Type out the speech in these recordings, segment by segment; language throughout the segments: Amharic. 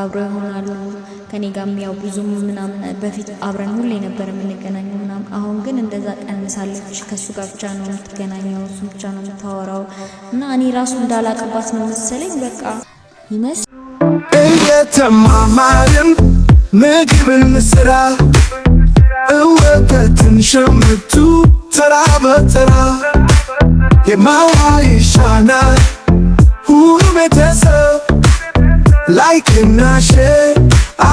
አብሮ ይሆናሉ ከኔ ጋርም ያው ብዙም ምናምን በፊት አብረን ሁሌ ነበር የምንገናኘው ምናምን። አሁን ግን እንደዛ ቀንሳለች። ከሱ ጋር ብቻ ነው የምትገናኘው፣ እሱ ብቻ ነው የምታወራው እና እኔ ራሱ እንዳላቅባት ነው መሰለኝ በቃ ይመስ እየተማማርን ምግብን ስራ እወተትን ሸምቱ ተራ በተራ የማዋ ይሻናል ሁሉ ቤተሰብ ላይክና ሼር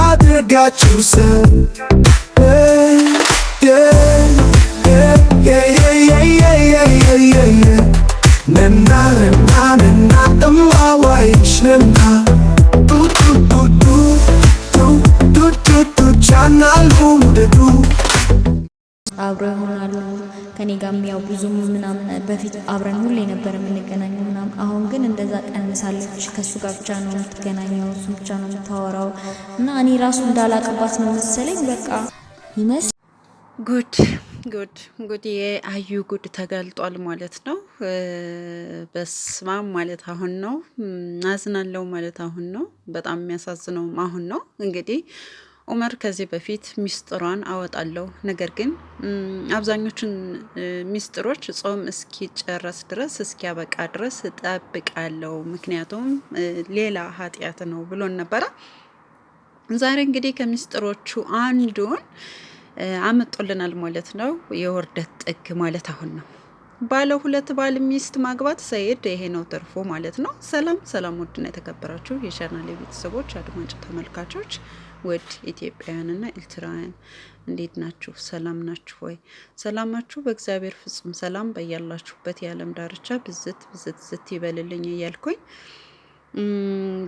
አድርጋችሁ አብረው ሆናሉ ከኔ ጋርም ያው ብዙም ምናምን በፊት አብረን ሁሌ ነበር የምንገናኘው። አሁን ግን እንደዛ ቀንሳለች። ከሱ ጋር ብቻ ነው የምትገናኘው፣ እሱ ብቻ ነው የምታወራው እና እኔ ራሱ እንዳላቅባት ነው መሰለኝ በቃ ይመስ ጉድ ጉድ ጉድ የአዩ ጉድ ተገልጧል ማለት ነው። በስማም ማለት አሁን ነው። አዝናለው ማለት አሁን ነው። በጣም የሚያሳዝነውም አሁን ነው እንግዲህ ኡመር ከዚህ በፊት ሚስጥሯን አወጣለሁ፣ ነገር ግን አብዛኞቹን ሚስጥሮች ጾም እስኪጨረስ ድረስ እስኪያበቃ ድረስ እጠብቃለሁ፣ ምክንያቱም ሌላ ኃጢአት ነው ብሎን ነበረ። ዛሬ እንግዲህ ከሚስጥሮቹ አንዱን አመጦልናል ማለት ነው። የውርደት ጥግ ማለት አሁን ነው። ባለ ሁለት ባል ሚስት ማግባት ሰይድ ይሄ ነው ትርፉ ማለት ነው። ሰላም ሰላም! ውድና የተከበራችሁ የቻናሌ ቤተሰቦች አድማጭ ተመልካቾች ውድ ኢትዮጵያውያንና ኤርትራውያን እንዴት ናችሁ? ሰላም ናችሁ ወይ? ሰላማችሁ በእግዚአብሔር ፍጹም ሰላም በያላችሁበት የዓለም ዳርቻ ብዝት ብዝት ዝት ይበልልኝ እያልኩኝ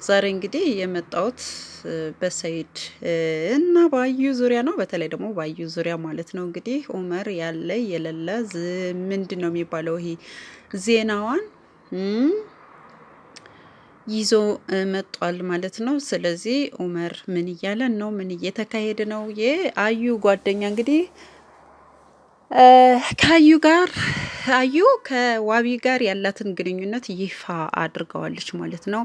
ዛሬ እንግዲህ የመጣሁት በሰይድ እና ባዩ ዙሪያ ነው። በተለይ ደግሞ ባዩ ዙሪያ ማለት ነው። እንግዲህ ኡመር ያለ የሌለ ምንድን ነው የሚባለው ይሄ ዜናዋን ይዞ መጧል ማለት ነው። ስለዚህ ኡመር ምን እያለን ነው? ምን እየተካሄደ ነው? የአዩ ጓደኛ እንግዲህ ከአዩ ጋር አዩ ከዋቢ ጋር ያላትን ግንኙነት ይፋ አድርገዋለች ማለት ነው።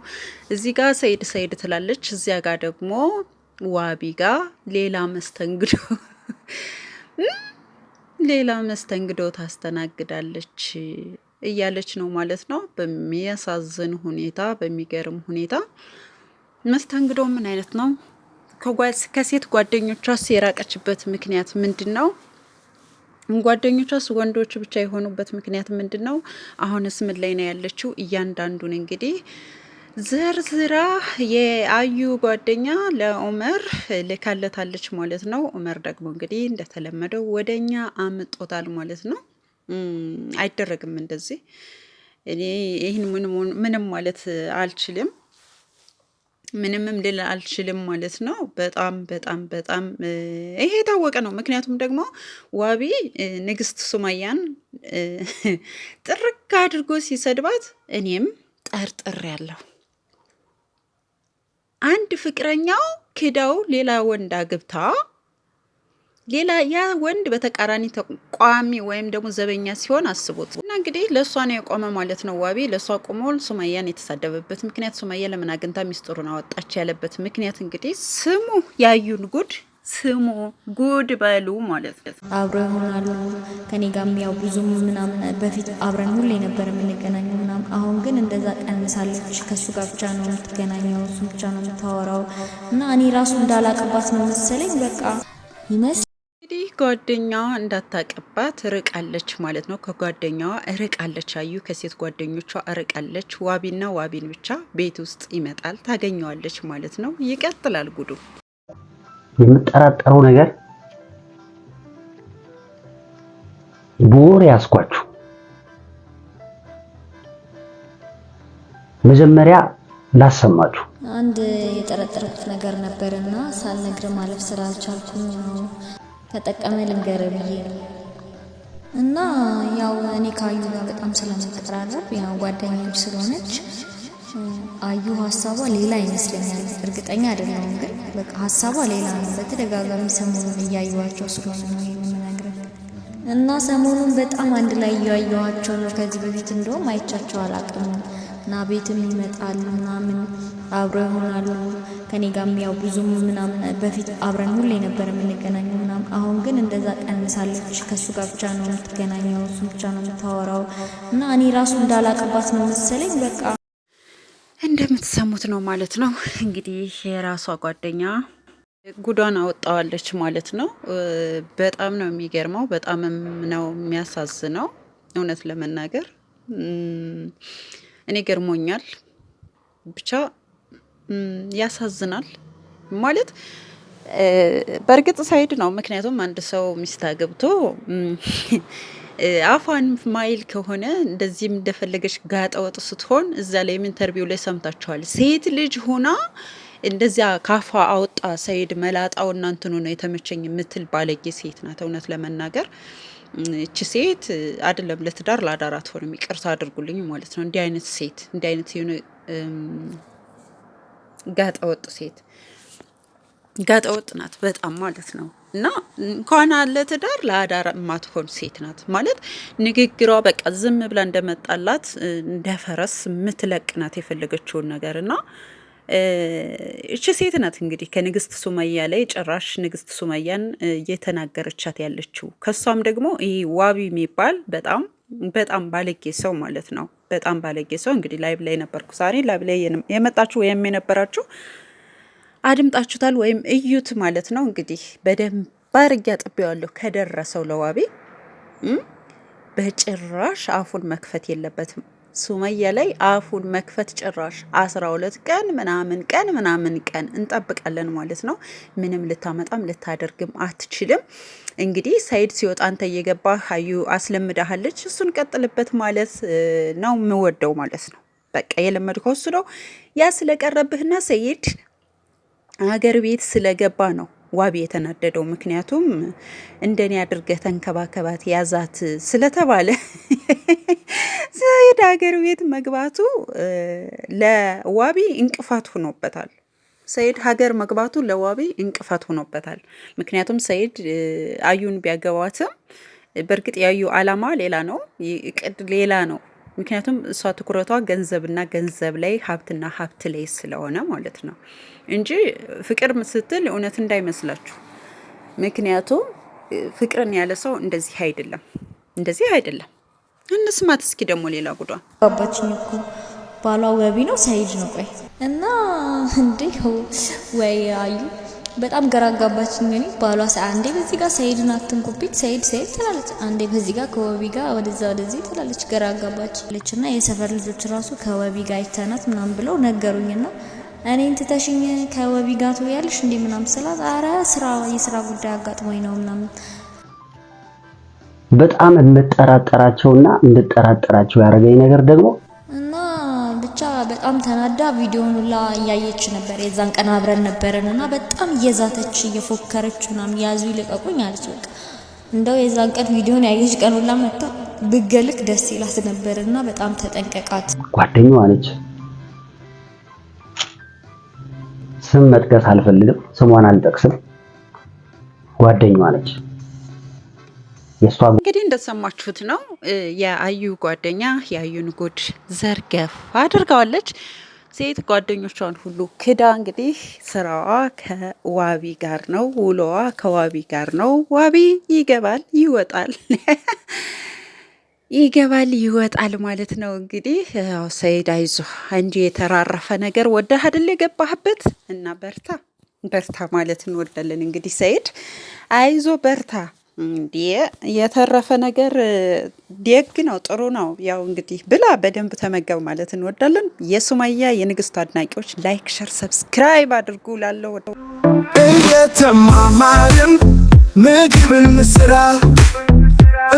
እዚህ ጋር ሰይድ ሰይድ ትላለች፣ እዚያ ጋር ደግሞ ዋቢ ጋር ሌላ መስተንግዶ ሌላ መስተንግዶ ታስተናግዳለች። እያለች ነው ማለት ነው። በሚያሳዝን ሁኔታ በሚገርም ሁኔታ መስተንግዶ ምን አይነት ነው? ከሴት ጓደኞቿስ የራቀችበት ምክንያት ምንድን ነው? ጓደኞቿስ ወንዶች ብቻ የሆኑበት ምክንያት ምንድን ነው? አሁንስ ምን ላይ ነው ያለችው? እያንዳንዱን እንግዲህ ዘርዝራ የአዩ ጓደኛ ለኡመር ልካለታለች ማለት ነው። ኡመር ደግሞ እንግዲህ እንደተለመደው ወደኛ አምጦታል ማለት ነው። አይደረግም እንደዚህ። እኔ ይህን ምንም ማለት አልችልም፣ ምንምም ልል አልችልም ማለት ነው። በጣም በጣም በጣም ይሄ የታወቀ ነው። ምክንያቱም ደግሞ ዋቢ ንግስት ሱማያን ጥርቅ አድርጎ ሲሰድባት እኔም ጠርጥር ያለሁ አንድ ፍቅረኛው ክዳው ሌላ ወንድ አግብታ ሌላ ያ ወንድ በተቃራኒ ተቋሚ ወይም ደግሞ ዘበኛ ሲሆን አስቡት እና እንግዲህ ለእሷ ነው የቆመ ማለት ነው። ዋቢ ለእሷ ቆሞ ሱመያን የተሳደበበት ምክንያት ሱመያ ለምን አግኝታ ሚስጥሩን አወጣች ያለበት ምክንያት እንግዲህ ስሙ፣ ያዩን ጉድ ስሙ፣ ጉድ በሉ ማለት ነው። አብሮ ይሆናሉ ከኔ ጋር ያው ብዙም ምናምን በፊት አብረን ሁሌ ነበር የምንገናኘው ምናምን። አሁን ግን እንደዛ ቀንሳለች። ከሱ ጋር ብቻ ነው የምትገናኘው፣ እሱ ብቻ ነው የምታወራው እና እኔ ራሱ እንዳላቅባት ነው መሰለኝ በቃ ይመስል ጓደኛዋ እንዳታቀባት ርቃለች ማለት ነው። ከጓደኛዋ ርቃለች፣ አዩ ከሴት ጓደኞቿ ርቃለች። ዋቢና ዋቢን ብቻ ቤት ውስጥ ይመጣል ታገኘዋለች ማለት ነው። ይቀጥላል ጉዱ። የምጠራጠረው ነገር በወሬ ያስኳችሁ መጀመሪያ ላሰማችሁ አንድ የጠረጠርኩት ነገር ነበርና ሳልነግር ማለፍ ስላልቻልኩኝ ነው። ተጠቀመ ልንገር ብዬ ነው። እና ያው እኔ ከአዩ ጋር በጣም ስለምቀራረብ ያው ጓደኛች ስለሆነች አዩ ሀሳቧ ሌላ ይመስለኛል። እርግጠኛ አይደለሁም፣ ግን በቃ ሀሳቧ ሌላ ነው። በተደጋጋሚ ሰሞኑን እያየኋቸው ስለሆነ ነው የምነግርህ። እና ሰሞኑን በጣም አንድ ላይ እያየኋቸው ነው። ከዚህ በፊት እንደውም አይቻቸው አላውቅም። እና ቤትም ይመጣሉ ምናምን አብረው ይሆናሉ ከኔ ጋርም ያው ብዙም ምናምን በፊት አብረን ሁሌ ነበር የምንገናኘው አሁን ግን እንደዛ ቀንሳለች። ከሱ ጋር ብቻ ነው የምትገናኘው፣ እሱ ብቻ ነው የምታወራው እና እኔ ራሱ እንዳላቅባት ነው መሰለኝ በቃ እንደምትሰሙት ነው ማለት ነው። እንግዲህ የራሷ ጓደኛ ጉዷን አወጣዋለች ማለት ነው። በጣም ነው የሚገርመው፣ በጣምም ነው የሚያሳዝነው። እውነት ለመናገር እኔ ገርሞኛል። ብቻ ያሳዝናል ማለት በእርግጥ ሳይድ ነው። ምክንያቱም አንድ ሰው ሚስት አገብቶ አፏን ማይል ከሆነ እንደዚህም እንደፈለገች ጋጠ ወጥ ስትሆን እዛ ላይ ኢንተርቪው ላይ ሰምታችኋል። ሴት ልጅ ሆና እንደዚያ ካፏ አውጣ ሰይድ መላጣው እናንትኑ ነው የተመቸኝ የምትል ባለጌ ሴት ናት። እውነት ለመናገር እቺ ሴት አይደለም ለትዳር ለአዳራት ሆነ ይቅርታ አድርጉልኝ ማለት ነው። እንዲህ አይነት ሴት እንዲህ አይነት ጋጠ ወጥ ሴት ጋጠወጥ ናት በጣም ማለት ነው። እና እንኳን አለ ትዳር ለአዳር የማትሆን ሴት ናት ማለት ንግግሯ በቃ ዝም ብላ እንደመጣላት እንደ ፈረስ የምትለቅ ናት የፈለገችውን ነገር እና እች ሴት ናት እንግዲህ ከንግስት ሱመያ ላይ ጭራሽ ንግስት ሱመያን እየተናገረቻት ያለችው። ከሷም ደግሞ ይህ ዋቢ የሚባል በጣም በጣም ባለጌ ሰው ማለት ነው። በጣም ባለጌ ሰው እንግዲህ ላይብ ላይ ነበርኩ ዛሬ ላይብ ላይ የመጣችሁ ወይም የነበራችሁ አድምጣችሁታል ወይም እዩት ማለት ነው። እንግዲህ በደንብ አድርጌ አጥቤዋለሁ ከደረሰው ለዋቤ በጭራሽ አፉን መክፈት የለበትም። ሱመያ ላይ አፉን መክፈት ጭራሽ አስራ ሁለት ቀን ምናምን ቀን ምናምን ቀን እንጠብቃለን ማለት ነው። ምንም ልታመጣም ልታደርግም አትችልም። እንግዲህ ሰይድ ሲወጣ አንተ እየገባ ሀዩ አስለምዳሃለች። እሱን ቀጥልበት ማለት ነው ምወደው ማለት ነው። በቃ የለመድከው እሱ ነው። ያ ስለቀረብህና ሰይድ ሀገር ቤት ስለገባ ነው ዋቢ የተናደደው። ምክንያቱም እንደኔ አድርገህ ተንከባከባት ያዛት ስለተባለ ሰኢድ ሀገር ቤት መግባቱ ለዋቢ እንቅፋት ሆኖበታል። ሰይድ ሀገር መግባቱ ለዋቢ እንቅፋት ሆኖበታል። ምክንያቱም ሰይድ አዩን ቢያገባትም በእርግጥ ያዩ አላማ ሌላ ነው፣ ሌላ ነው ምክንያቱም እሷ ትኩረቷ ገንዘብና ገንዘብ ላይ ሀብትና ሀብት ላይ ስለሆነ ማለት ነው እንጂ ፍቅር ስትል እውነት እንዳይመስላችሁ። ምክንያቱም ፍቅርን ያለ ሰው እንደዚህ አይደለም፣ እንደዚህ አይደለም። እንስማት እስኪ ደግሞ ሌላ ጉዷ አባችን እኮ ባሏ ገቢ ነው ሰይድ ነው ቆይ እና እንዲህ ወይ አዩ በጣም ግራ አጋባችኝ። እኔ ባሏ አንዴ በዚህ ጋር ሰይድን አትንኩብኝ ሰይድ ሰይድ ትላለች፣ አንዴ በዚህ ጋር ከወቢ ጋር ወደዛ ወደዚህ ትላለች። ግራ አጋባች እና የሰፈር ልጆች ራሱ ከወቢ ጋር አይተናት ምናምን ብለው ነገሩኝና እኔን ትተሽኝ ከወቢ ጋር ትውያለሽ እንዴ ምናምን ስላት አረ ስራ የስራ ጉዳይ አጋጥሞኝ ነው ምናምን በጣም እንጠራጠራቸውና እንድጠራጠራቸው ያደረገኝ ነገር ደግሞ በጣም ተናዳ ቪዲዮን ሁላ እያየች ነበር። የዛን ቀን አብረን ነበረን እና በጣም እየዛተች እየፎከረች ምናምን ያዙ ይልቀቁኝ አለች። በቃ እንደው የዛን ቀን ቪዲዮን ያየች ቀን ሁላ መታ ብገልክ ደስ ይላት ነበር እና በጣም ተጠንቀቃት። ጓደኛዋ ነች። ስም መጥቀስ አልፈልግም፣ ስሟን አልጠቅስም። ጓደኛዋ ነች። እንግዲህ እንደሰማችሁት ነው የአዩ ጓደኛ የአዩን ጉድ ዘርገፍ አድርገዋለች። ሴት ጓደኞቿን ሁሉ ክዳ እንግዲህ ስራዋ ከዋቢ ጋር ነው፣ ውሎዋ ከዋቢ ጋር ነው። ዋቢ ይገባል ይወጣል፣ ይገባል ይወጣል ማለት ነው። እንግዲህ ሰይድ አይዞ እንጂ የተራረፈ ነገር ወደ አይደል የገባህበት እና በርታ በርታ ማለት እንወዳለን። እንግዲህ ሰይድ አይዞ በርታ እንዴ የተረፈ ነገር ደግ ነው፣ ጥሩ ነው። ያው እንግዲህ ብላ በደንብ ተመገብ ማለት እንወዳለን። የሱማያ የንግስቱ አድናቂዎች ላይክ፣ ሸር፣ ሰብስክራይብ አድርጉ። ላለው እየተማማርን ምግብን ስራ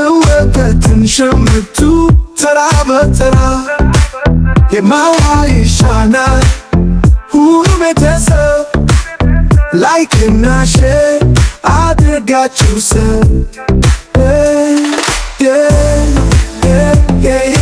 እወተትን ሸምቱ ተራ በተራ የማዋ ይሻናል ሁሉ ቤተሰብ ላይክና ሼር I either got you, son. yeah, yeah, yeah. yeah.